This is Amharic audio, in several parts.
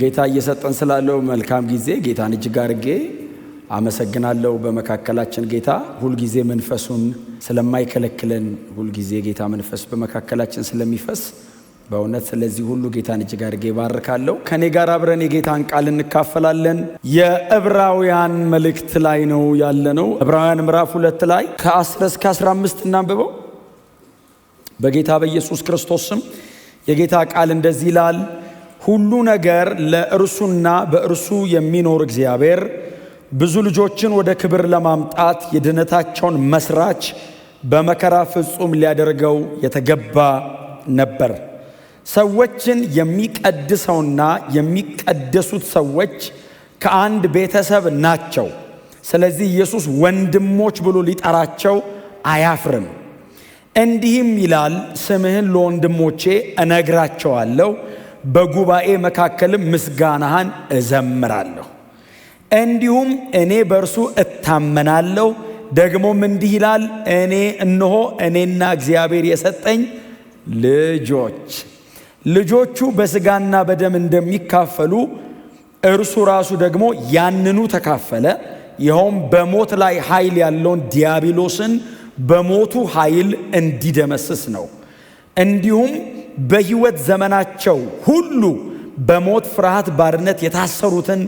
ጌታ እየሰጠን ስላለው መልካም ጊዜ ጌታን እጅግ አድርጌ አመሰግናለሁ። በመካከላችን ጌታ ሁልጊዜ መንፈሱን ስለማይከለክለን፣ ሁልጊዜ ጌታ መንፈስ በመካከላችን ስለሚፈስ በእውነት ስለዚህ ሁሉ ጌታን እጅግ አድርጌ ባርካለሁ። ከእኔ ጋር አብረን የጌታን ቃል እንካፈላለን። የዕብራውያን መልእክት ላይ ነው ያለነው። ዕብራውያን ምዕራፍ ሁለት ላይ ከ እስከ እስከ 15 እናንብበው። በጌታ በኢየሱስ ክርስቶስ ስም የጌታ ቃል እንደዚህ ይላል ሁሉ ነገር ለእርሱና በእርሱ የሚኖር እግዚአብሔር ብዙ ልጆችን ወደ ክብር ለማምጣት የድነታቸውን መስራች በመከራ ፍጹም ሊያደርገው የተገባ ነበር። ሰዎችን የሚቀድሰውና የሚቀደሱት ሰዎች ከአንድ ቤተሰብ ናቸው። ስለዚህ ኢየሱስ ወንድሞች ብሎ ሊጠራቸው አያፍርም። እንዲህም ይላል፣ ስምህን ለወንድሞቼ እነግራቸዋለሁ በጉባኤ መካከልም ምስጋናህን እዘምራለሁ። እንዲሁም እኔ በእርሱ እታመናለሁ። ደግሞም እንዲህ ይላል፣ እኔ እነሆ እኔና እግዚአብሔር የሰጠኝ ልጆች ልጆቹ በስጋና በደም እንደሚካፈሉ እርሱ ራሱ ደግሞ ያንኑ ተካፈለ። ይኸውም በሞት ላይ ኃይል ያለውን ዲያብሎስን በሞቱ ኃይል እንዲደመስስ ነው። እንዲሁም በሕይወት ዘመናቸው ሁሉ በሞት ፍርሃት ባርነት የታሰሩትን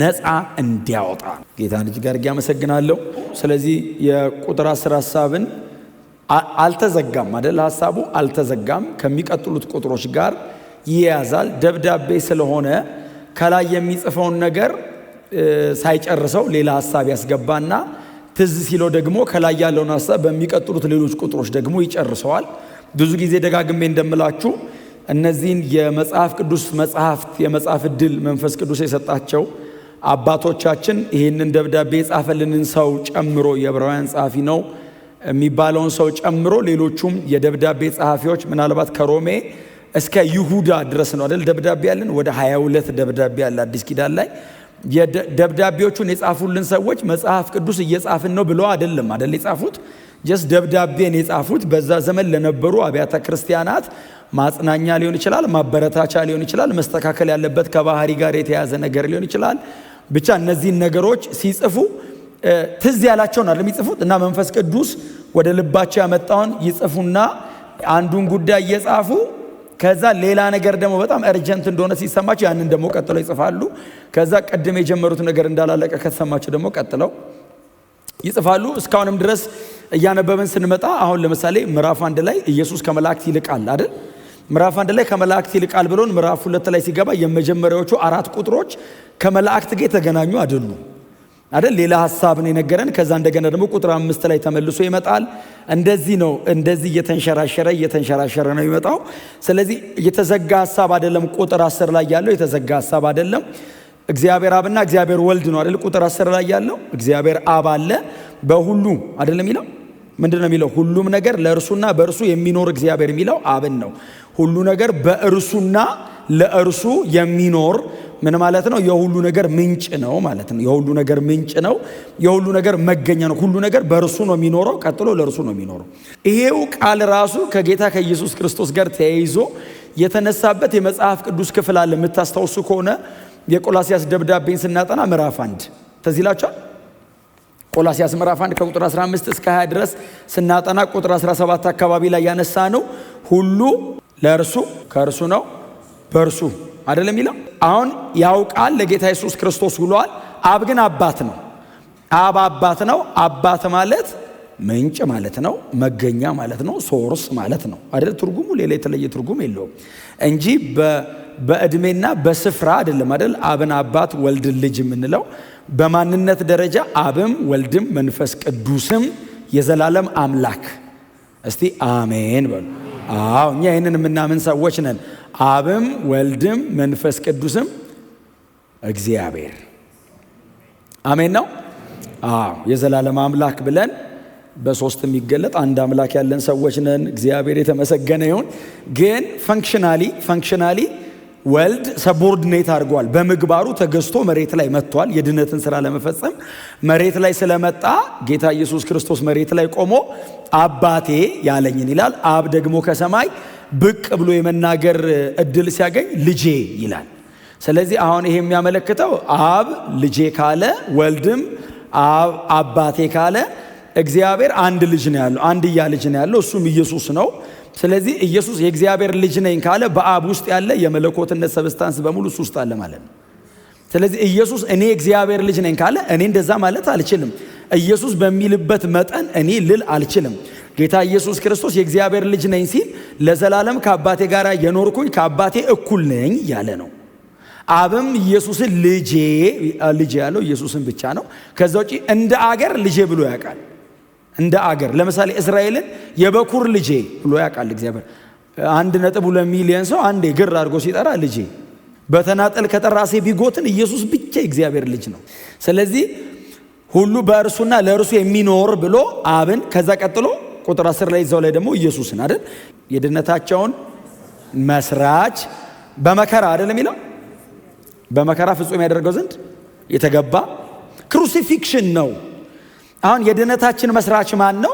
ነፃ እንዲያወጣ ጌታ ልጅ ጋር አመሰግናለሁ። ስለዚህ የቁጥር አስር ሀሳብን አልተዘጋም አይደል? ሀሳቡ አልተዘጋም ከሚቀጥሉት ቁጥሮች ጋር ይያዛል። ደብዳቤ ስለሆነ ከላይ የሚጽፈውን ነገር ሳይጨርሰው ሌላ ሀሳብ ያስገባና ትዝ ሲለው ደግሞ ከላይ ያለውን ሀሳብ በሚቀጥሉት ሌሎች ቁጥሮች ደግሞ ይጨርሰዋል። ብዙ ጊዜ ደጋግሜ እንደምላችሁ እነዚህን የመጽሐፍ ቅዱስ መጽሐፍት የመጽሐፍ ዕድል መንፈስ ቅዱስ የሰጣቸው አባቶቻችን ይህንን ደብዳቤ የጻፈልንን ሰው ጨምሮ የዕብራውያን ጸሐፊ ነው የሚባለውን ሰው ጨምሮ ሌሎቹም የደብዳቤ ጸሐፊዎች ምናልባት ከሮሜ እስከ ይሁዳ ድረስ ነው አደል ደብዳቤ ያለን ወደ 22 ደብዳቤ ያለ አዲስ ኪዳን ላይ ደብዳቤዎቹን የጻፉልን ሰዎች መጽሐፍ ቅዱስ እየጻፍን ነው ብለው አይደለም አደል የጻፉት ጀስ ደብዳቤን የጻፉት በዛ ዘመን ለነበሩ አብያተ ክርስቲያናት ማጽናኛ ሊሆን ይችላል፣ ማበረታቻ ሊሆን ይችላል፣ መስተካከል ያለበት ከባህሪ ጋር የተያዘ ነገር ሊሆን ይችላል። ብቻ እነዚህን ነገሮች ሲጽፉ ትዝ ያላቸውን አይደለም ይጽፉት እና መንፈስ ቅዱስ ወደ ልባቸው ያመጣውን ይጽፉና አንዱን ጉዳይ እየጻፉ ከዛ ሌላ ነገር ደግሞ በጣም እርጀንት እንደሆነ ሲሰማቸው ያንን ደግሞ ቀጥለው ይጽፋሉ። ከዛ ቅድም የጀመሩት ነገር እንዳላለቀ ከተሰማቸው ደግሞ ቀጥለው ይጽፋሉ። እስካሁንም ድረስ እያነበበን ስንመጣ አሁን ለምሳሌ ምዕራፍ አንድ ላይ ኢየሱስ ከመላእክት ይልቃል አይደል? ምዕራፍ አንድ ላይ ከመላእክት ይልቃል ብሎን ምዕራፍ ሁለት ላይ ሲገባ የመጀመሪያዎቹ አራት ቁጥሮች ከመላእክት ጋር የተገናኙ አይደሉ አይደል? ሌላ ሀሳብ ነው የነገረን። ከዛ እንደገና ደግሞ ቁጥር አምስት ላይ ተመልሶ ይመጣል። እንደዚህ ነው። እንደዚህ እየተንሸራሸረ እየተንሸራሸረ ነው ይመጣው። ስለዚህ የተዘጋ ሀሳብ አይደለም። ቁጥር አስር ላይ ያለው የተዘጋ ሀሳብ አይደለም። እግዚአብሔር አብና እግዚአብሔር ወልድ ነው አይደል? ቁጥር አስር ላይ ያለው እግዚአብሔር አብ አለ በሁሉ አይደለም የሚለው ምንድን ነው የሚለው? ሁሉም ነገር ለእርሱና በእርሱ የሚኖር እግዚአብሔር የሚለው አብን ነው። ሁሉ ነገር በእርሱና ለእርሱ የሚኖር ምን ማለት ነው? የሁሉ ነገር ምንጭ ነው ማለት ነው። የሁሉ ነገር ምንጭ ነው። የሁሉ ነገር መገኛ ነው። ሁሉ ነገር በእርሱ ነው የሚኖረው። ቀጥሎ ለእርሱ ነው የሚኖረው። ይሄው ቃል ራሱ ከጌታ ከኢየሱስ ክርስቶስ ጋር ተያይዞ የተነሳበት የመጽሐፍ ቅዱስ ክፍል አለ። የምታስታውሱ ከሆነ የቆላሲያስ ደብዳቤን ስናጠና ምዕራፍ አንድ ተዚላቸዋል ይላቸዋል። ቆላሲያስ ምዕራፍ 1 ከቁጥር 15 እስከ 20 ድረስ ስናጠና ቁጥር 17 አካባቢ ላይ ያነሳ ነው። ሁሉ ለእርሱ ከእርሱ ነው በእርሱ አይደለም ይላል። አሁን ያውቃል ለጌታ ኢየሱስ ክርስቶስ ውሏል። አብ ግን አባት ነው። አብ አባት ነው። አባት ማለት ምንጭ ማለት ነው፣ መገኛ ማለት ነው፣ ሶርስ ማለት ነው አይደል? ትርጉሙ ሌላ የተለየ ትርጉም የለውም እንጂ በእድሜና በስፍራ አይደለም አይደል? አብን አባት ወልድን ልጅ የምንለው በማንነት ደረጃ አብም ወልድም መንፈስ ቅዱስም የዘላለም አምላክ። እስቲ አሜን በሉ። አዎ እኛ ይህንን የምናምን ሰዎች ነን። አብም ወልድም መንፈስ ቅዱስም እግዚአብሔር አሜን ነው። አዎ የዘላለም አምላክ ብለን በሶስት የሚገለጥ አንድ አምላክ ያለን ሰዎች ነን። እግዚአብሔር የተመሰገነ ይሁን። ግን ፈንክሽናሊ ፈንክሽናሊ ወልድ ሰቦርድኔት አድርጓል። በምግባሩ ተገዝቶ መሬት ላይ መጥቷል። የድነትን ስራ ለመፈጸም መሬት ላይ ስለመጣ ጌታ ኢየሱስ ክርስቶስ መሬት ላይ ቆሞ አባቴ ያለኝን ይላል። አብ ደግሞ ከሰማይ ብቅ ብሎ የመናገር እድል ሲያገኝ ልጄ ይላል። ስለዚህ አሁን ይሄ የሚያመለክተው አብ ልጄ ካለ ወልድም አባቴ ካለ እግዚአብሔር አንድ ልጅ ነው ያለው፣ አንድያ ልጅ ነው ያለው፣ እሱም ኢየሱስ ነው። ስለዚህ ኢየሱስ የእግዚአብሔር ልጅ ነኝ ካለ በአብ ውስጥ ያለ የመለኮትነት ሰብስታንስ በሙሉ እሱ ውስጥ አለ ማለት ነው። ስለዚህ ኢየሱስ እኔ የእግዚአብሔር ልጅ ነኝ ካለ እኔ እንደዛ ማለት አልችልም። ኢየሱስ በሚልበት መጠን እኔ ልል አልችልም። ጌታ ኢየሱስ ክርስቶስ የእግዚአብሔር ልጅ ነኝ ሲል ለዘላለም ከአባቴ ጋር የኖርኩኝ ከአባቴ እኩል ነኝ እያለ ነው። አብም ኢየሱስን ልጄ ልጄ ያለው ኢየሱስን ብቻ ነው። ከዛ ውጪ እንደ አገር ልጄ ብሎ ያውቃል። እንደ አገር ለምሳሌ እስራኤልን የበኩር ልጄ ብሎ ያውቃል እግዚአብሔር። አንድ ነጥብ ሁለት ሚሊዮን ሰው አንዴ ግር አድርጎ ሲጠራ ልጄ፣ በተናጠል ከጠራሴ ቢጎትን ኢየሱስ ብቻ የእግዚአብሔር ልጅ ነው። ስለዚህ ሁሉ በእርሱና ለእርሱ የሚኖር ብሎ አብን፣ ከዛ ቀጥሎ ቁጥር አስር ላይ ይዘው ላይ ደግሞ ኢየሱስን አይደል የድነታቸውን መስራች በመከራ አይደለም የሚለው በመከራ ፍጹም ያደርገው ዘንድ የተገባ ክሩሲፊክሽን ነው። አሁን የድህነታችን መስራች ማን ነው?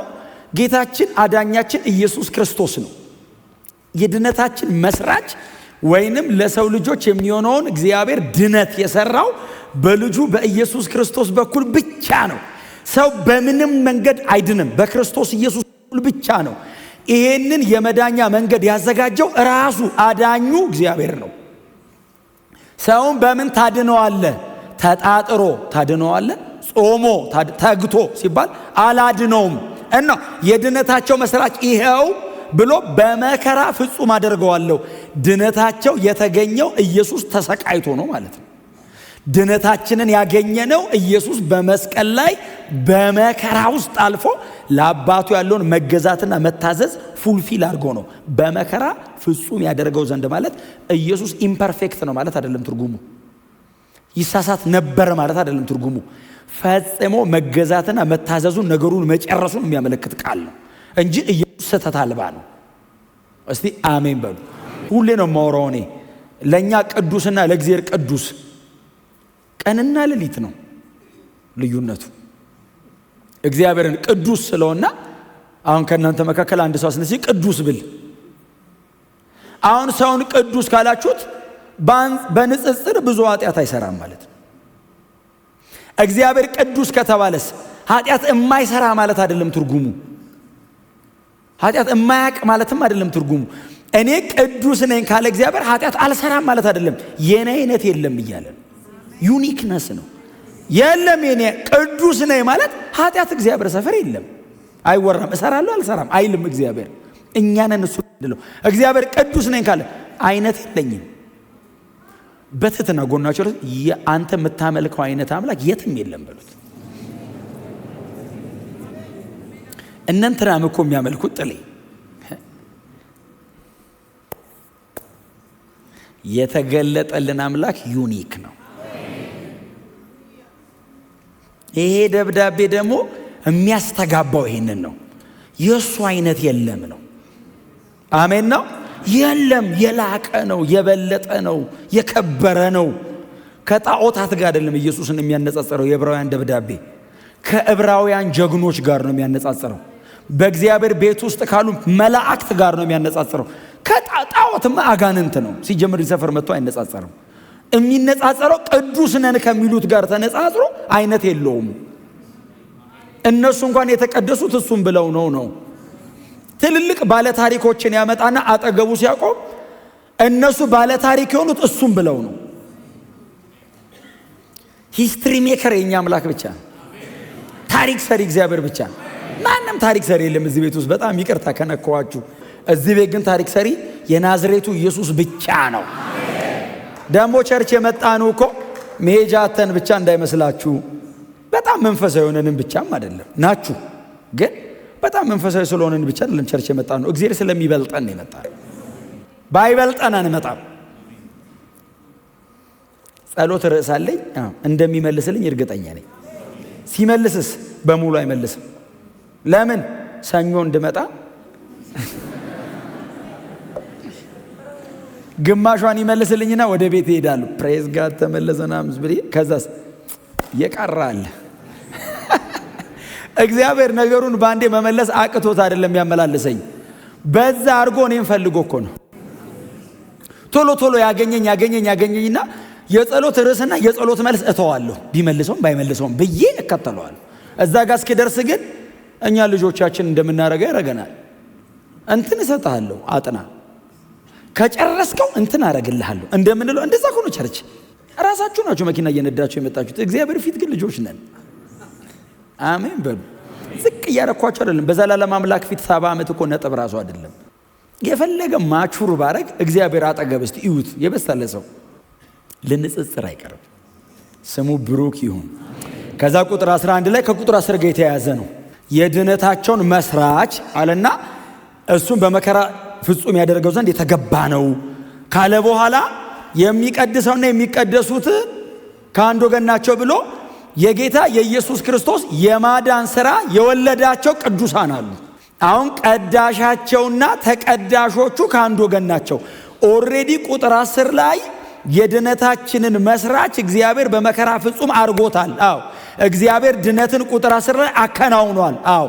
ጌታችን አዳኛችን ኢየሱስ ክርስቶስ ነው። የድህነታችን መስራች ወይንም ለሰው ልጆች የሚሆነውን እግዚአብሔር ድነት የሰራው በልጁ በኢየሱስ ክርስቶስ በኩል ብቻ ነው። ሰው በምንም መንገድ አይድንም፣ በክርስቶስ ኢየሱስ በኩል ብቻ ነው። ይሄንን የመዳኛ መንገድ ያዘጋጀው ራሱ አዳኙ እግዚአብሔር ነው። ሰውን በምን ታድነዋለ? ተጣጥሮ ታድነዋለን? ጾሞ ተግቶ ሲባል አላድነውም እና የድነታቸው መስራች ይኸው ብሎ በመከራ ፍጹም አደርገዋለሁ። ድነታቸው የተገኘው ኢየሱስ ተሰቃይቶ ነው ማለት ነው። ድነታችንን ያገኘነው ኢየሱስ በመስቀል ላይ በመከራ ውስጥ አልፎ ለአባቱ ያለውን መገዛትና መታዘዝ ፉልፊል አድርጎ ነው በመከራ ፍጹም ያደርገው ዘንድ ማለት። ኢየሱስ ኢምፐርፌክት ነው ማለት አይደለም ትርጉሙ። ይሳሳት ነበር ማለት አይደለም ትርጉሙ። ፈጽሞ መገዛትና መታዘዙን ነገሩን መጨረሱን የሚያመለክት ቃል ነው እንጂ ኢየሱስ ስህተት አልባ ነው። እስቲ አሜን በሉ። ሁሌ ነው የማወራው እኔ። ለእኛ ቅዱስና ለእግዚአብሔር ቅዱስ ቀንና ሌሊት ነው ልዩነቱ። እግዚአብሔርን ቅዱስ ስለሆና አሁን ከእናንተ መካከል አንድ ሰው ስነሲ ቅዱስ ብል አሁን ሰውን ቅዱስ ካላችሁት በንጽጽር ብዙ ኃጢአት አይሰራም ማለት ነው። እግዚአብሔር ቅዱስ ከተባለስ ኃጢአት የማይሰራ ማለት አይደለም ትርጉሙ። ኃጢአት የማያቅ ማለትም አይደለም ትርጉሙ። እኔ ቅዱስ ነኝ ካለ እግዚአብሔር ኃጢአት አልሰራም ማለት አይደለም። የኔ አይነት የለም እያለ ዩኒክነስ ነው። የለም የኔ ቅዱስ ነኝ ማለት ኃጢአት እግዚአብሔር ሰፈር የለም፣ አይወራም። እሰራለሁ አልሰራም አይልም እግዚአብሔር። እኛንን እሱ እግዚአብሔር ቅዱስ ነኝ ካለ አይነት የለኝም በትህትና ጎናቸው አንተ የምታመልከው አይነት አምላክ የትም የለም በሉት። እነንትና እኮ የሚያመልኩት ጥሌ የተገለጠልን አምላክ ዩኒክ ነው። ይሄ ደብዳቤ ደግሞ የሚያስተጋባው ይሄንን ነው። የእሱ አይነት የለም ነው። አሜን ነው። የለም የላቀ ነው፣ የበለጠ ነው፣ የከበረ ነው። ከጣዖታት ጋር አይደለም ኢየሱስን የሚያነጻጽረው የዕብራውያን ደብዳቤ ከዕብራውያን ጀግኖች ጋር ነው የሚያነጻጽረው። በእግዚአብሔር ቤት ውስጥ ካሉ መላእክት ጋር ነው የሚያነጻጽረው። ከጣዖትም አጋንንት ነው ሲጀምር ሰፈር መጥቶ አይነጻጸርም። የሚነጻጸረው ቅዱስ ነን ከሚሉት ጋር ተነጻጽሮ አይነት የለውም። እነሱ እንኳን የተቀደሱት እሱም ብለው ነው ነው ትልልቅ ባለታሪኮችን ያመጣና አጠገቡ ሲያቆም እነሱ ባለታሪክ የሆኑት እሱም ብለው ነው። ሂስትሪ ሜከር የኛ አምላክ ብቻ ታሪክ ሰሪ እግዚአብሔር ብቻ ማንም ታሪክ ሰሪ የለም እዚህ ቤት ውስጥ። በጣም ይቅርታ ከነከዋችሁ። እዚህ ቤት ግን ታሪክ ሰሪ የናዝሬቱ ኢየሱስ ብቻ ነው። ደግሞ ቸርች የመጣኑ እኮ መሄጃተን ብቻ እንዳይመስላችሁ። በጣም መንፈሳዊ የሆነንም ብቻም አይደለም ናችሁ ግን በጣም መንፈሳዊ ስለሆነን ብቻ አይደለም ቸርች የመጣ ነው። እግዚአብሔር ስለሚበልጠን ነው የመጣ። ባይበልጠን አንመጣም። ጸሎት ርዕስ አለኝ። እንደሚመልስልኝ እርግጠኛ ነኝ። ሲመልስስ በሙሉ አይመልስም። ለምን ሰኞ እንድመጣ ግማሿን ይመልስልኝና ወደ ቤት ይሄዳሉ። ፕሬዝ ጋር ተመለሰና ምስብሬ ከዛስ የቀራ አለ እግዚአብሔር ነገሩን በአንዴ መመለስ አቅቶት አይደለም ያመላልሰኝ፣ በዛ አድርጎ እኔም ፈልጎ እኮ ነው። ቶሎ ቶሎ ያገኘኝ ያገኘኝ ያገኘኝና የጸሎት ርዕስና የጸሎት መልስ እተዋለሁ፣ ቢመልሰውም ባይመልሰውም ብዬ እከተለዋለሁ። እዛ ጋር እስኪደርስ ግን እኛ ልጆቻችን እንደምናደርገው ያደርገናል። እንትን እሰጥሃለሁ አጥና፣ ከጨረስከው እንትን አደርግልሃለሁ እንደምንለው እንደዛ ከሆነ ቸርች ራሳችሁ ናችሁ መኪና እየነዳችሁ የመጣችሁት። እግዚአብሔር ፊት ግን ልጆች ነን። አሜን በሉ። ዝቅ እያረኳቸው አይደለም። በዘላለም አምላክ ፊት ሰባ ዓመት እኮ ነጥብ ራሱ አይደለም። የፈለገ ማቹር ባረግ እግዚአብሔር አጠገብ እስቲ እዩት። የበሰለ ሰው ለንጽጽር አይቀርም። ስሙ ብሩክ ይሁን። ከዛ ቁጥር 11 ላይ ከቁጥር 10 ጋር የተያያዘ ነው። የድነታቸውን መስራች አለና እሱም በመከራ ፍጹም ያደርገው ዘንድ የተገባ ነው ካለ በኋላ የሚቀድሰውና የሚቀደሱት ከአንድ ወገን ናቸው ብሎ የጌታ የኢየሱስ ክርስቶስ የማዳን ሥራ የወለዳቸው ቅዱሳን አሉ። አሁን ቀዳሻቸውና ተቀዳሾቹ ከአንድ ወገን ናቸው። ኦሬዲ ቁጥር አስር ላይ የድነታችንን መስራች እግዚአብሔር በመከራ ፍጹም አድርጎታል። አዎ እግዚአብሔር ድነትን ቁጥር አስር ላይ አከናውኗል። አዎ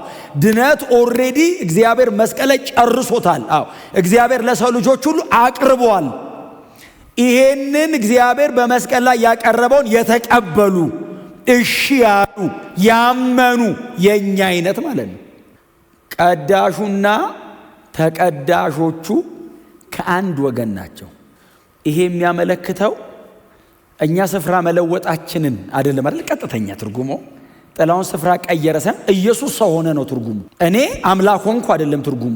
ድነት ኦሬዲ እግዚአብሔር መስቀል ላይ ጨርሶታል። አዎ እግዚአብሔር ለሰው ልጆች ሁሉ አቅርቧል። ይሄንን እግዚአብሔር በመስቀል ላይ ያቀረበውን የተቀበሉ እሺ ያሉ ያመኑ የእኛ አይነት ማለት ነው። ቀዳሹና ተቀዳሾቹ ከአንድ ወገን ናቸው። ይሄ የሚያመለክተው እኛ ስፍራ መለወጣችንን አይደለም አይደል? ቀጥተኛ ትርጉሞ ጥላውን ስፍራ ቀየረ ሳይሆን ኢየሱስ ሰው ሆነ ነው ትርጉሙ። እኔ አምላክ ሆንኩ አይደለም ትርጉሙ።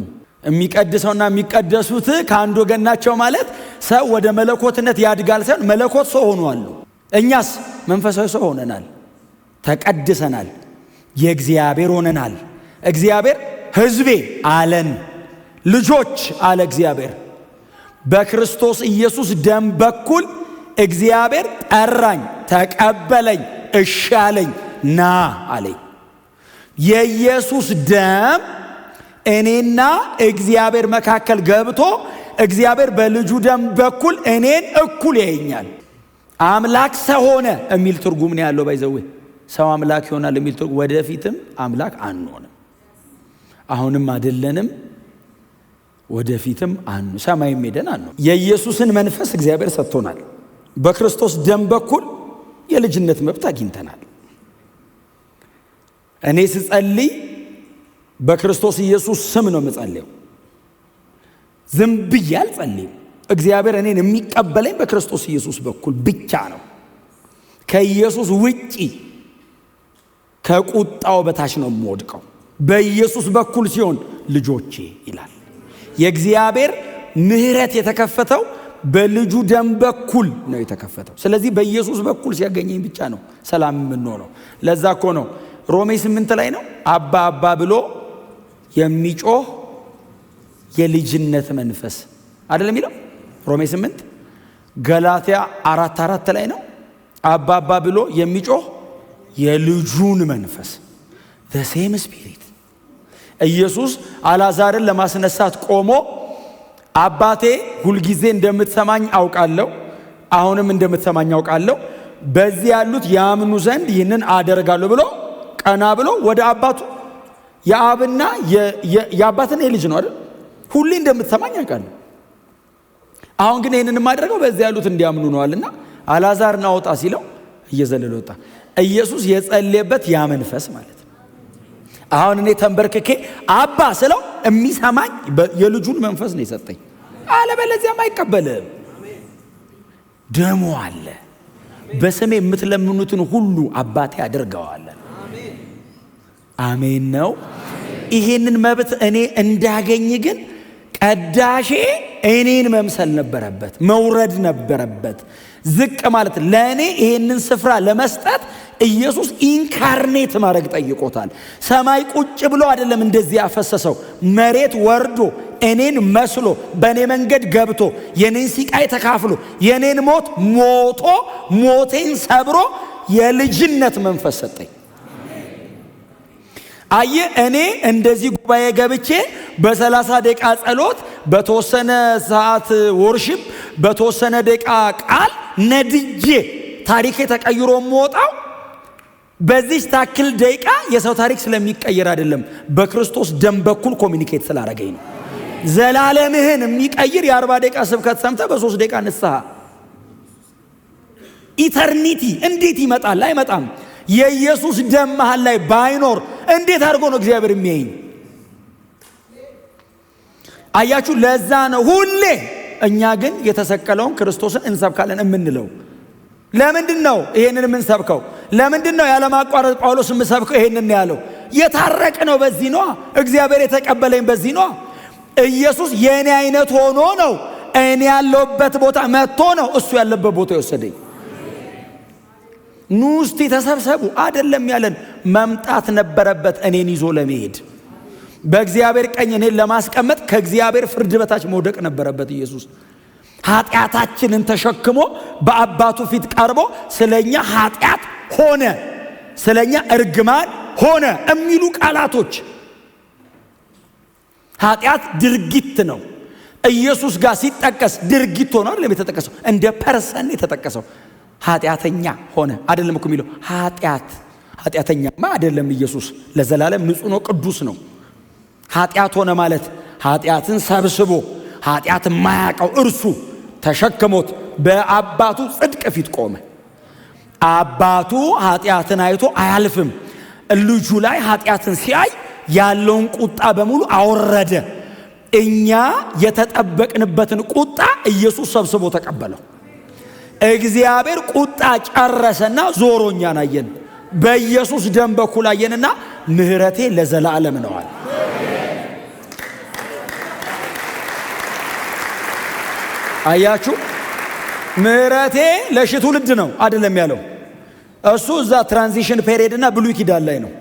የሚቀድሰውና የሚቀደሱት ከአንድ ወገን ናቸው ማለት ሰው ወደ መለኮትነት ያድጋል ሳይሆን መለኮት ሰው ሆኗል። እኛስ መንፈሳዊ ሰው ሆነናል። ተቀድሰናል፣ የእግዚአብሔር ሆነናል። እግዚአብሔር ሕዝቤ አለን፣ ልጆች አለ እግዚአብሔር። በክርስቶስ ኢየሱስ ደም በኩል እግዚአብሔር ጠራኝ፣ ተቀበለኝ፣ እሻለኝ፣ ና አለኝ። የኢየሱስ ደም እኔና እግዚአብሔር መካከል ገብቶ እግዚአብሔር በልጁ ደም በኩል እኔን እኩል ያየኛል። አምላክ ሰው ሆነ የሚል ትርጉም ነው ያለው ባይዘዌ ሰው አምላክ ይሆናል የሚል ወደፊትም አምላክ አንሆንም፣ አሁንም አይደለንም፣ ወደፊትም አኑ ሰማይም ሄደን አኑ የኢየሱስን መንፈስ እግዚአብሔር ሰጥቶናል። በክርስቶስ ደም በኩል የልጅነት መብት አግኝተናል። እኔ ስጸልይ በክርስቶስ ኢየሱስ ስም ነው የምጸልየው። ዝም ብዬ አልጸልይም። እግዚአብሔር እኔን የሚቀበለኝ በክርስቶስ ኢየሱስ በኩል ብቻ ነው ከኢየሱስ ውጪ ከቁጣው በታች ነው የምወድቀው። በኢየሱስ በኩል ሲሆን ልጆቼ ይላል። የእግዚአብሔር ምሕረት የተከፈተው በልጁ ደም በኩል ነው የተከፈተው። ስለዚህ በኢየሱስ በኩል ሲያገኘኝ ብቻ ነው ሰላም የምንሆነው። ለዛ እኮ ነው ሮሜ ስምንት ላይ ነው አባ አባ ብሎ የሚጮህ የልጅነት መንፈስ አይደለም የሚለው ሮሜ ስምንት ገላትያ አራት አራት ላይ ነው አባ አባ ብሎ የሚጮህ የልጁን መንፈስ ዘሴም ስፒሪት ኢየሱስ አላዛርን ለማስነሳት ቆሞ አባቴ ሁልጊዜ እንደምትሰማኝ አውቃለሁ፣ አሁንም እንደምትሰማኝ አውቃለሁ፣ በዚህ ያሉት ያምኑ ዘንድ ይህንን አደርጋለሁ ብሎ ቀና ብሎ ወደ አባቱ የአብና የአባትና የልጅ ነው አይደል? ሁሌ እንደምትሰማኝ አውቃለሁ፣ አሁን ግን ይህንን የማደርገው በዚህ ያሉት እንዲያምኑ ነዋልና አልዓዛርን አውጣ ሲለው እየዘለለ ወጣ። ኢየሱስ የጸለየበት ያ መንፈስ ማለት ነው። አሁን እኔ ተንበርክኬ አባ ስለው የሚሰማኝ የልጁን መንፈስ ነው የሰጠኝ። አለበለዚያም አይቀበልም። ደሞ አለ በስሜ የምትለምኑትን ሁሉ አባቴ አድርገዋለ። አሜን ነው። ይሄንን መብት እኔ እንዳገኝ ግን ቀዳሼ እኔን መምሰል ነበረበት፣ መውረድ ነበረበት፣ ዝቅ ማለት ለእኔ ይሄንን ስፍራ ለመስጠት ኢየሱስ ኢንካርኔት ማድረግ ጠይቆታል። ሰማይ ቁጭ ብሎ አይደለም እንደዚህ ያፈሰሰው፣ መሬት ወርዶ እኔን መስሎ በእኔ መንገድ ገብቶ የኔን ሲቃይ ተካፍሎ የኔን ሞት ሞቶ ሞቴን ሰብሮ የልጅነት መንፈስ ሰጠኝ። አየ እኔ እንደዚህ ጉባኤ ገብቼ በሰላሳ ደቂቃ ጸሎት፣ በተወሰነ ሰዓት ወርሽፕ፣ በተወሰነ ደቂቃ ቃል ነድጄ ታሪኬ ተቀይሮ የምወጣው በዚህ ታክል ደቂቃ የሰው ታሪክ ስለሚቀየር አይደለም፣ በክርስቶስ ደም በኩል ኮሚኒኬት ስላደረገኝ ነው። ዘላለምህን የሚቀይር የአርባ ደቂቃ ስብከት ሰምተ በሶስት ደቂቃ ንስሐ ኢተርኒቲ እንዴት ይመጣል? አይመጣም። የኢየሱስ ደም መሃል ላይ ባይኖር እንዴት አድርጎ ነው እግዚአብሔር የሚያይኝ? አያችሁ፣ ለዛ ነው ሁሌ እኛ ግን የተሰቀለውን ክርስቶስን እንሰብካለን የምንለው። ለምንድን ነው ይሄንን የምንሰብከው? ለምንድን ነው ያለማቋረጥ ጳውሎስ የምሰብከው? ይሄንን ያለው የታረቅ ነው። በዚህ ነ። እግዚአብሔር የተቀበለኝ በዚህ ነዋ። ኢየሱስ የእኔ አይነት ሆኖ ነው እኔ ያለውበት ቦታ መጥቶ ነው እሱ ያለበት ቦታ የወሰደኝ። ኑ እስቲ ተሰብሰቡ አይደለም ያለን፣ መምጣት ነበረበት እኔን ይዞ ለመሄድ በእግዚአብሔር ቀኝ እኔን ለማስቀመጥ ከእግዚአብሔር ፍርድ በታች መውደቅ ነበረበት ኢየሱስ። ኃጢአታችንን ተሸክሞ በአባቱ ፊት ቀርቦ ስለኛ ኃጢአት ሆነ፣ ስለኛ እርግማን ሆነ የሚሉ ቃላቶች። ኃጢአት ድርጊት ነው። ኢየሱስ ጋር ሲጠቀስ ድርጊት ሆኖ አይደለም የተጠቀሰው፣ እንደ ፐርሰን የተጠቀሰው ኃጢአተኛ ሆነ አይደለም እኮ የሚለው ኃጢአት ኃጢአተኛማ አይደለም። ኢየሱስ ለዘላለም ንጹሕ ነው፣ ቅዱስ ነው። ኃጢአት ሆነ ማለት ኃጢአትን ሰብስቦ ኃጢአት የማያውቀው እርሱ ተሸክሞት በአባቱ ጽድቅ ፊት ቆመ። አባቱ ኃጢአትን አይቶ አያልፍም። ልጁ ላይ ኃጢአትን ሲያይ ያለውን ቁጣ በሙሉ አወረደ። እኛ የተጠበቅንበትን ቁጣ ኢየሱስ ሰብስቦ ተቀበለው። እግዚአብሔር ቁጣ ጨረሰና ዞሮ እኛን አየን። በኢየሱስ ደም በኩል አየንና ምሕረቴ ለዘላለም ነዋል። አያችሁ፣ ምሕረቴ ለሺ ትውልድ ነው አይደለም ያለው እሱ እዛ ትራንዚሽን ፔሪየድ እና ብሉይ ኪዳን ላይ ነው።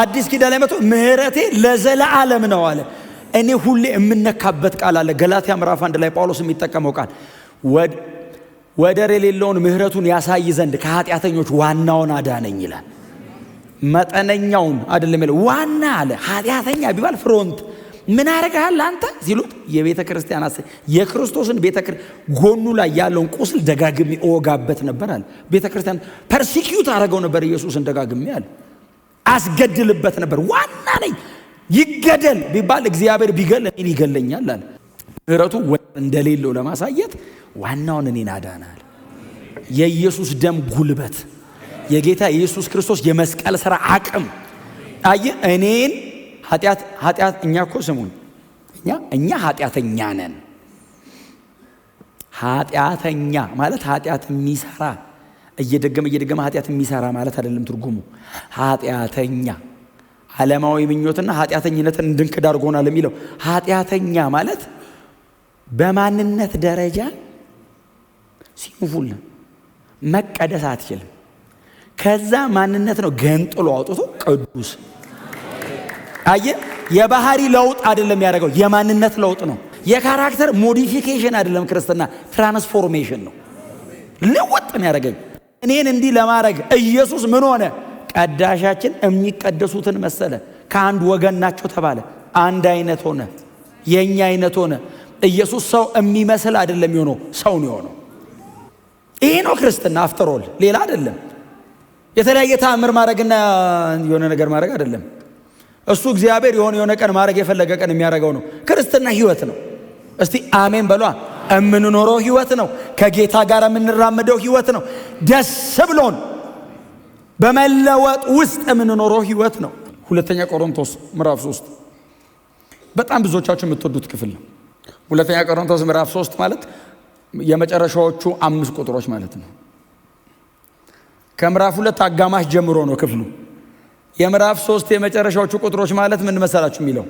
አዲስ ኪዳን ላይ መጥቶ ምሕረቴ ለዘለዓለም ነው አለ። እኔ ሁሌ የምነካበት ቃል አለ። ገላትያ ምዕራፍ አንድ ላይ ጳውሎስ የሚጠቀመው ቃል ወደር የሌለውን ምሕረቱን ያሳይ ዘንድ ከኃጢአተኞች ዋናውን አዳነኝ ይላል። መጠነኛውን አይደለም ያለው ዋና አለ። ኃጢአተኛ ቢባል ፍሮንት ምን አረጋሃል አንተ ሲሉት የቤተ ክርስቲያን አስ የክርስቶስን ቤተ ጎኑ ላይ ያለውን ቁስል ደጋግሚ እወጋበት ነበር አለ። ቤተ ክርስቲያን ፐርሲኪዩት አረገው ነበር ኢየሱስን ደጋግሚ አለ። አስገድልበት ነበር። ዋና ነኝ ይገደል ቢባል እግዚአብሔር ቢገል እኔን ይገለኛል አለ። ምሕረቱ እንደሌለው ለማሳየት ዋናውን እኔን አዳናል። የኢየሱስ ደም ጉልበት፣ የጌታ የኢየሱስ ክርስቶስ የመስቀል ስራ አቅም አየ እኔን ኃጢአት እኛ እኮ ስሙን እኛ እኛ ኃጢአተኛ ነን። ኃጢአተኛ ማለት ኃጢአት የሚሰራ እየደገመ እየደገመ ኃጢአት የሚሰራ ማለት አይደለም ትርጉሙ። ኃጢአተኛ ዓለማዊ ምኞትና ኃጢአተኝነትን እንድንክ ዳርጎናል የሚለው ኃጢአተኛ ማለት በማንነት ደረጃ ሲንፉል መቀደስ አትችልም። ከዛ ማንነት ነው ገንጥሎ አውጥቶ ቅዱስ አየ የባህሪ ለውጥ አይደለም ያደረገው፣ የማንነት ለውጥ ነው። የካራክተር ሞዲፊኬሽን አይደለም ክርስትና፣ ትራንስፎርሜሽን ነው። ለውጥ ነው ያደረገኝ። እኔን እንዲህ ለማድረግ ኢየሱስ ምን ሆነ? ቀዳሻችን የሚቀደሱትን መሰለ። ከአንድ ወገን ናቸው ተባለ። አንድ አይነት ሆነ፣ የእኛ አይነት ሆነ። ኢየሱስ ሰው የሚመስል አይደለም የሆነው፣ ሰው ነው የሆነው። ይሄ ነው ክርስትና አፍተሮል፣ ሌላ አይደለም። የተለያየ ተአምር ማድረግና የሆነ ነገር ማድረግ አይደለም። እሱ እግዚአብሔር የሆነ የሆነ ቀን ማድረግ የፈለገ ቀን የሚያደርገው ነው። ክርስትና ህይወት ነው። እስቲ አሜን በሏ። የምንኖረው ህይወት ነው። ከጌታ ጋር የምንራምደው ህይወት ነው። ደስ ብሎን በመለወጥ ውስጥ የምንኖረው ህይወት ነው። ሁለተኛ ቆሮንቶስ ምዕራፍ ሶስት በጣም ብዙዎቻችሁ የምትወዱት ክፍል ነው። ሁለተኛ ቆሮንቶስ ምዕራፍ ሶስት ማለት የመጨረሻዎቹ አምስት ቁጥሮች ማለት ነው። ከምዕራፍ ሁለት አጋማሽ ጀምሮ ነው ክፍሉ የምዕራፍ ሶስት የመጨረሻዎቹ ቁጥሮች ማለት ምን መሰላችሁ የሚለው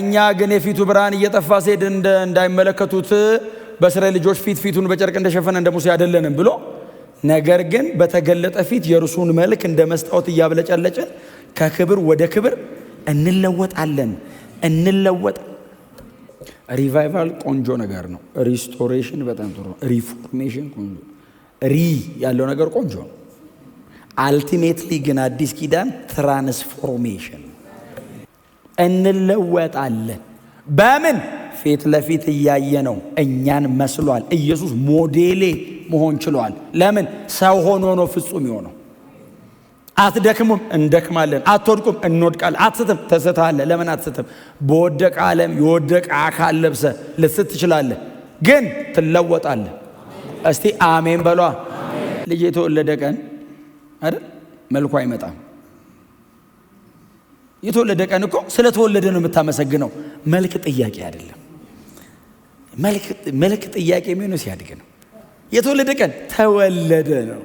እኛ ግን የፊቱ ብርሃን እየጠፋ ሲሄድ እንዳይመለከቱት በእስራኤል ልጆች ፊት ፊቱን በጨርቅ እንደሸፈነ እንደ ሙሴ አይደለንም ብሎ ነገር ግን በተገለጠ ፊት የእርሱን መልክ እንደ መስታወት እያብለጨለጭን ከክብር ወደ ክብር እንለወጣለን። እንለወጥ ሪቫይቫል ቆንጆ ነገር ነው። ሪስቶሬሽን በጣም ጥሩ ነው። ሪፎርሜሽን ቆንጆ ሪ ያለው ነገር ቆንጆ ነው። አልቲሜትሊ ግን አዲስ ኪዳን ትራንስፎርሜሽን እንለወጣለን። በምን ፊት ለፊት እያየ ነው። እኛን መስሏል። ኢየሱስ ሞዴሌ መሆን ችሏል። ለምን ሰው ሆኖ ነው ፍጹም የሆነው። አትደክሙም፣ እንደክማለን። አትወድቁም፣ እንወድቃለን። አትስትም፣ ተስታለ። ለምን አትስትም? በወደቀ ዓለም የወደቀ አካል ለብሰ ልስት ትችላለህ፣ ግን ትለወጣለህ። እስቲ አሜን በሏ። ልጅ የተወለደ ቀን አይደል? መልኩ አይመጣም። የተወለደ ቀን እኮ ስለተወለደ ነው የምታመሰግነው። መልክ ጥያቄ አይደለም። መልክ ጥያቄ የሚሆነው ሲያድግ ነው። የተወለደ ቀን ተወለደ ነው።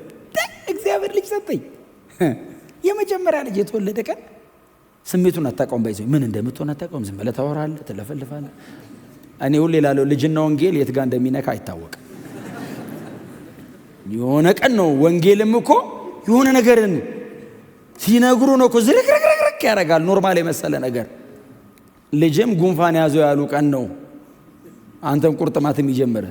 እግዚአብሔር ልጅ ሰጠኝ። የመጀመሪያ ልጅ የተወለደ ቀን ስሜቱን አታውቀውም። ባይዘ ምን እንደምትሆን አታውቀውም። ዝም ብለህ ታወራለህ፣ ትለፈልፋለህ። እኔ ሁሌ ላለው ልጅና ወንጌል የት ጋር እንደሚነካ አይታወቅም። የሆነ ቀን ነው ወንጌልም እኮ የሆነ ነገርን ሲነግሩ ነው ዝርክርክርክ ያደርጋል። ኖርማል የመሰለ ነገር ልጅም ጉንፋን ያዘው ያሉ ቀን ነው አንተም ቁርጥማትም ይጀምረ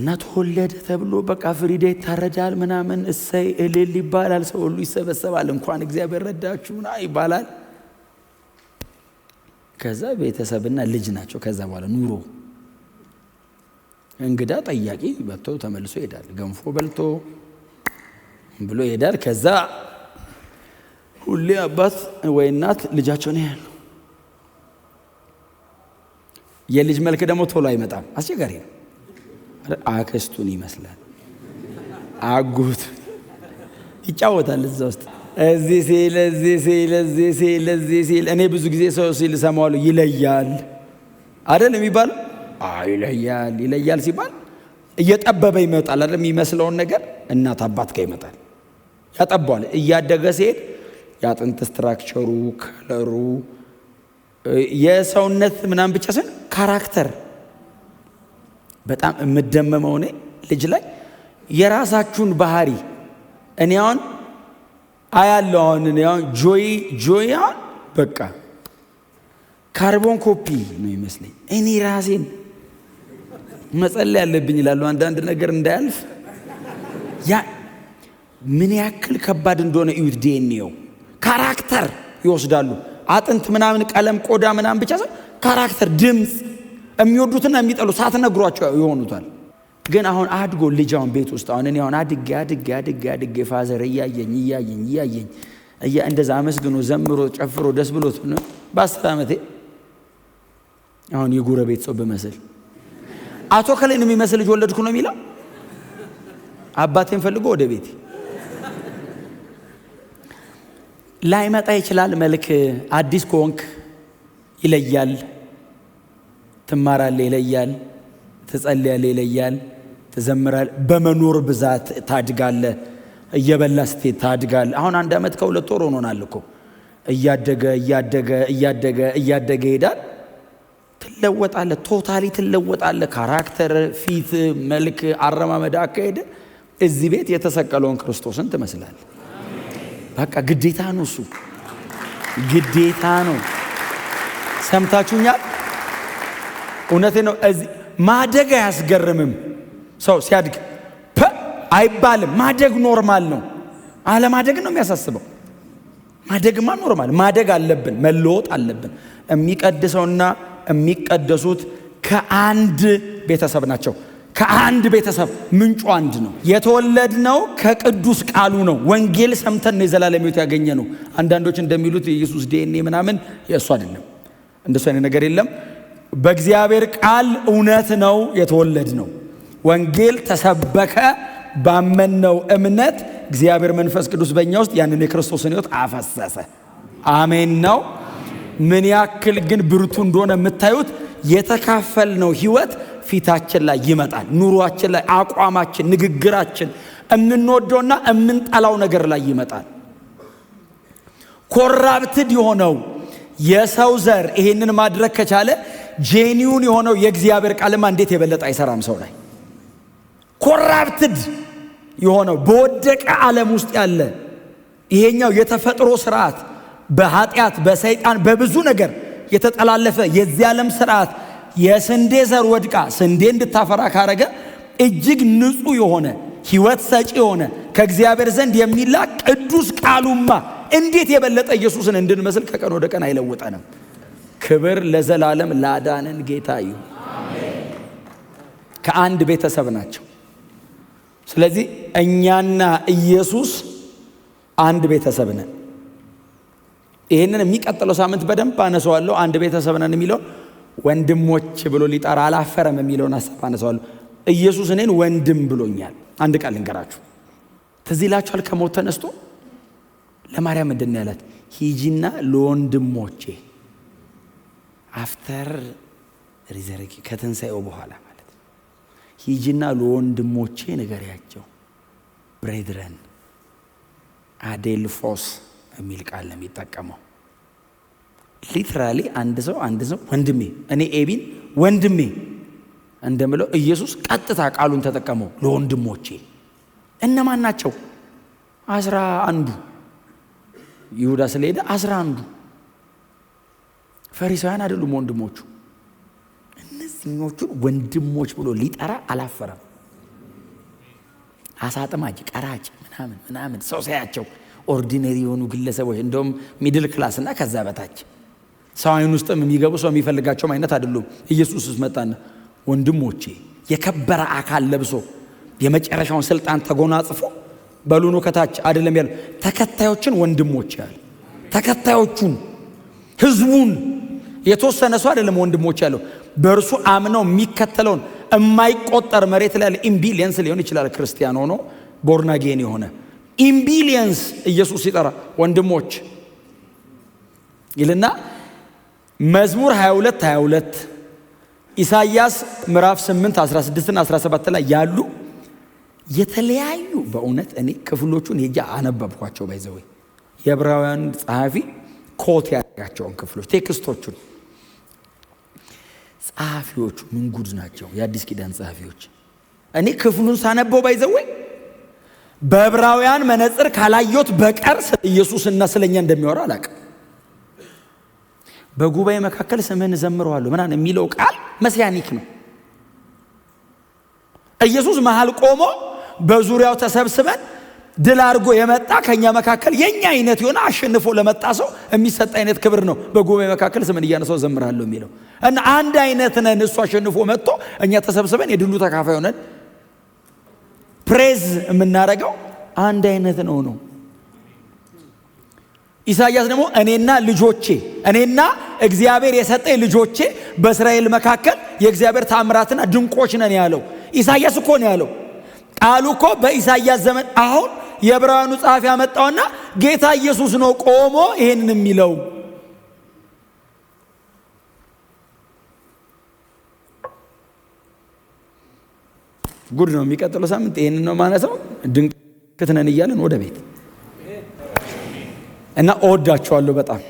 እና ተወለደ ተብሎ በቃ ፍሪዳ ይታረዳል ምናምን እሰይ እልል ይባላል። ሰው ሁሉ ይሰበሰባል። እንኳን እግዚአብሔር ረዳችሁና ይባላል። ከዛ ቤተሰብና ልጅ ናቸው። ከዛ በኋላ ኑሮ እንግዳ ጠያቂ በቶ ተመልሶ ይሄዳል። ገንፎ በልቶ ብሎ ይሄዳል። ከዛ ሁሌ አባት ወይ እናት ልጃቸውን ያሉ የልጅ መልክ ደግሞ ቶሎ አይመጣም። አስቸጋሪ ነው። አክስቱን ይመስላል። አጉት ይጫወታል እዛ ውስጥ እዚህ ሲል እዚህ ሲል እዚህ ሲል እዚህ ሲል እኔ ብዙ ጊዜ ሰው ሲል ሰማዋለሁ። ይለያል አደል የሚባለው ይለያል ይለያል ሲባል እየጠበበ ይመጣል አይደል? የሚመስለውን ነገር እናት አባት ጋር ይመጣል፣ ያጠቧል እያደገ ሲሄድ የአጥንት ስትራክቸሩ፣ ከለሩ፣ የሰውነት ምናምን ብቻ ሲሆን ካራክተር በጣም የምደመመው እኔ ልጅ ላይ የራሳችሁን ባህሪ እኔ አሁን አያለው። አሁን እኔ አሁን ጆይ ጆይ አሁን በቃ ካርቦን ኮፒ ነው ይመስለኝ እኔ ራሴን መጸለይ ያለብኝ ይላሉ። አንዳንድ ነገር እንዳያልፍ ያ ምን ያክል ከባድ እንደሆነ እዩት። ዲኤንኤው ካራክተር ይወስዳሉ። አጥንት ምናምን፣ ቀለም፣ ቆዳ ምናምን ብቻ ሰው ካራክተር፣ ድምፅ፣ የሚወዱትና የሚጠሉ ሳትነግሯቸው ይሆኑታል። ግን አሁን አድጎ ልጅ አሁን ቤት ውስጥ አሁን እኔ አሁን አድጌ አድጌ አድጌ አድጌ ፋዘር እያየኝ እያየኝ እያየኝ እያ እንደዛ አመስግኖ ዘምሮ ጨፍሮ ደስ ብሎት በአስር ዓመቴ አሁን የጎረቤት ሰው ብመስል አቶ ከሌን የሚመስል ልጅ ወለድኩ ነው የሚለው። አባቴን ፈልጎ ወደ ቤት ላይመጣ ይችላል። መልክ አዲስ ከሆንክ ይለያል። ትማራለህ፣ ይለያል። ትጸልያለህ፣ ይለያል። ትዘምራል። በመኖር ብዛት ታድጋለህ። እየበላ ስትሄድ ታድጋለህ። አሁን አንድ ዓመት ከሁለት ወር ሆኖናል እኮ እያደገ እያደገ እያደገ እያደገ ይሄዳል። ትለወጣለ፣ ቶታሊ ትለወጣለ። ካራክተር፣ ፊት፣ መልክ፣ አረማመድ፣ አካሄድ እዚህ ቤት የተሰቀለውን ክርስቶስን ትመስላል። በቃ ግዴታ ነው፣ እሱ ግዴታ ነው። ሰምታችሁኛል? እውነቴ ነው። ማደግ አያስገርምም። ሰው ሲያድግ አይባልም። ማደግ ኖርማል ነው። አለማደግ ነው የሚያሳስበው። ማደግማ ኖርማል። ማደግ አለብን፣ መለወጥ አለብን። የሚቀድሰውና የሚቀደሱት ከአንድ ቤተሰብ ናቸው። ከአንድ ቤተሰብ ምንጩ አንድ ነው። የተወለድነው ከቅዱስ ቃሉ ነው። ወንጌል ሰምተን ነው የዘላለም ሕይወት ያገኘ ነው። አንዳንዶች እንደሚሉት የኢየሱስ ዲኤንኤ ምናምን የእሱ አይደለም፣ እንደሱ አይነት ነገር የለም። በእግዚአብሔር ቃል እውነት ነው የተወለድነው። ወንጌል ተሰበከ፣ ባመነው እምነት እግዚአብሔር መንፈስ ቅዱስ በእኛ ውስጥ ያንን የክርስቶስን ሕይወት አፈሰሰ። አሜን ነው። ምን ያክል ግን ብርቱ እንደሆነ የምታዩት የተካፈልነው ህይወት ፊታችን ላይ ይመጣል። ኑሯችን ላይ፣ አቋማችን፣ ንግግራችን እምንወደውና እምንጠላው ነገር ላይ ይመጣል። ኮራፕትድ የሆነው የሰው ዘር ይሄንን ማድረግ ከቻለ ጄኒውን የሆነው የእግዚአብሔር ቃልማ እንዴት የበለጠ አይሰራም ሰው ላይ ኮራፕትድ የሆነው በወደቀ ዓለም ውስጥ ያለ ይሄኛው የተፈጥሮ ስርዓት በኃጢአት በሰይጣን በብዙ ነገር የተጠላለፈ የዚህ ዓለም ስርዓት የስንዴ ዘር ወድቃ ስንዴ እንድታፈራ ካረገ እጅግ ንጹሕ የሆነ ህይወት ሰጪ የሆነ ከእግዚአብሔር ዘንድ የሚላክ ቅዱስ ቃሉማ እንዴት የበለጠ ኢየሱስን እንድንመስል ከቀን ወደ ቀን አይለውጠንም። ክብር ለዘላለም ላዳንን ጌታ ይሁን። ከአንድ ቤተሰብ ናቸው። ስለዚህ እኛና ኢየሱስ አንድ ቤተሰብ ነን። ይህንን የሚቀጥለው ሳምንት በደንብ አነሰዋለሁ። አንድ ቤተሰብ ነን የሚለውን ወንድሞች ብሎ ሊጠራ አላፈረም የሚለውን ሀሳብ አነሰዋለሁ። ኢየሱስ እኔን ወንድም ብሎኛል። አንድ ቃል ልንገራችሁ፣ ትዝ ይላችኋል። ከሞት ተነስቶ ለማርያም ምንድን ያላት? ሂጂና ለወንድሞቼ አፍተር ሪዘረግ ከትንሣኤው በኋላ ማለት ሂጂና ለወንድሞቼ ንገሪያቸው ብሬድረን አዴልፎስ የሚል ቃል ነው የሚጠቀመው። ሊትራሊ አንድ ሰው አንድ ሰው ወንድሜ እኔ ኤቢን ወንድሜ እንደምለው ኢየሱስ ቀጥታ ቃሉን ተጠቀመው ለወንድሞቼ። እነማን ናቸው? አስራ አንዱ ይሁዳ ስለሄደ አስራ አንዱ ፈሪሳውያን አይደሉም ወንድሞቹ። እነዚህኞቹን ወንድሞች ብሎ ሊጠራ አላፈረም። አሳጥማጅ፣ ቀራጭ፣ ምናምን ምናምን ሰው ሳያቸው ኦርዲነሪ የሆኑ ግለሰቦች እንደውም ሚድል ክላስ እና ከዛ በታች ሰው አይን ውስጥም የሚገቡ ሰው የሚፈልጋቸውም አይነት አይደሉም። ኢየሱስ መጣና ወንድሞቼ የከበረ አካል ለብሶ የመጨረሻውን ስልጣን ተጎናጽፎ በሉኑ ከታች አይደለም ያሉ ተከታዮችን ወንድሞች ያለ ተከታዮቹን ህዝቡን የተወሰነ ሰው አይደለም ወንድሞች ያለው በእርሱ አምነው የሚከተለውን የማይቆጠር መሬት ላይ ኢምቢሊየንስ ሊሆን ይችላል ክርስቲያን ሆኖ ቦርናጌን የሆነ ኢምቢሊየንስ ኢየሱስ ሲጠራ ወንድሞች ይልና መዝሙር 22 22 ኢሳይያስ ምዕራፍ 8 16 17 ላይ ያሉ የተለያዩ በእውነት እኔ ክፍሎቹን ሄጃ አነበብኳቸው። ባይዘወይ የዕብራውያን ጸሐፊ ኮት ያደረጋቸውን ክፍሎች ቴክስቶቹን ጸሐፊዎቹ ምንጉድ ናቸው! የአዲስ ኪዳን ጸሐፊዎች እኔ ክፍሉን ሳነበው ባይዘወይ በዕብራውያን መነጽር ካላየት በቀር ኢየሱስ እና ስለኛ እንደሚያወራ አላውቅም። በጉባኤ መካከል ስምህን ዘምረዋለሁ ምናምን የሚለው ቃል መስያኒክ ነው። ኢየሱስ መሀል ቆሞ በዙሪያው ተሰብስበን ድል አድርጎ የመጣ ከኛ መካከል የኛ አይነት የሆነ አሸንፎ ለመጣ ሰው የሚሰጥ አይነት ክብር ነው። በጉባኤ መካከል ስምን እያነሳው ዘምራለሁ የሚለው እና አንድ አይነት ነን። እሱ አሸንፎ መጥቶ እኛ ተሰብስበን የድሉ ተካፋይ ሆነን ፕሬዝ የምናደርገው አንድ አይነት ነው ነው። ኢሳያስ ደግሞ እኔና ልጆቼ እኔና እግዚአብሔር የሰጠኝ ልጆቼ በእስራኤል መካከል የእግዚአብሔር ታምራትና ድንቆች ነን ያለው ኢሳያስ እኮ ነው ያለው። ቃሉ እኮ በኢሳያስ ዘመን አሁን የብርሃኑ ጸሐፊ ያመጣውና ጌታ ኢየሱስ ነው ቆሞ ይህንን የሚለው ጉድ ነው። የሚቀጥለው ሳምንት ይህንን ነው ማነሳው። ድንቅ ክትነን እያለን ወደ ቤት እና እወዳችኋለሁ በጣም